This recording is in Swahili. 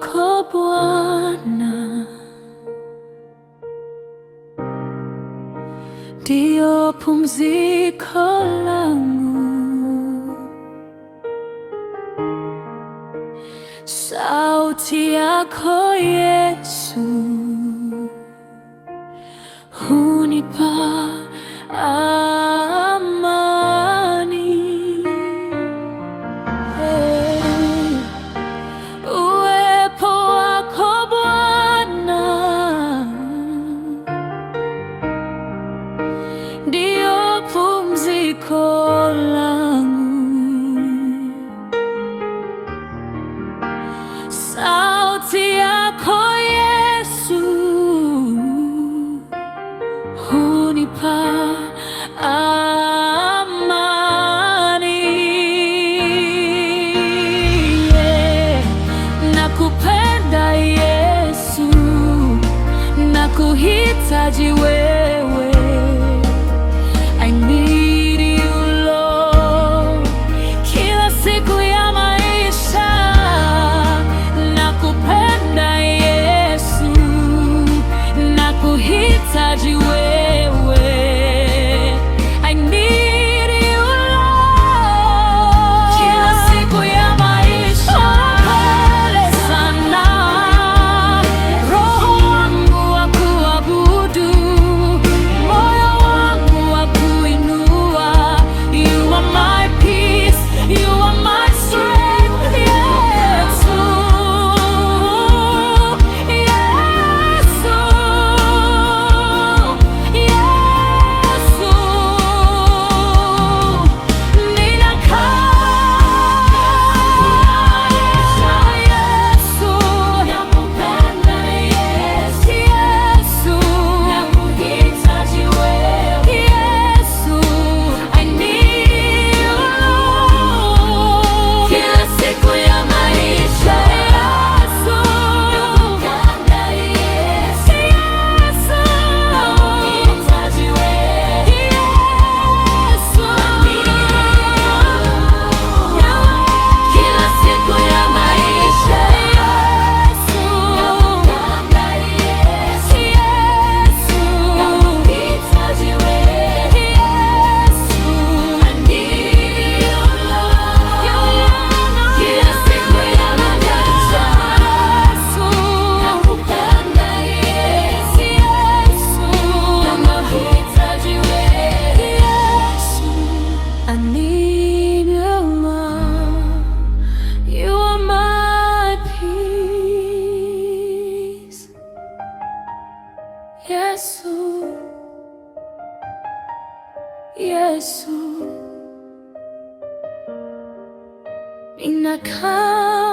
wako Bwana ndio pumziko langu, sauti yako Yesu ndio pumziko langu. Sauti yako Yesu hunipa amani. Yeah, nakupenda Yesu, nakuhitaji wewe Yesu ninakaa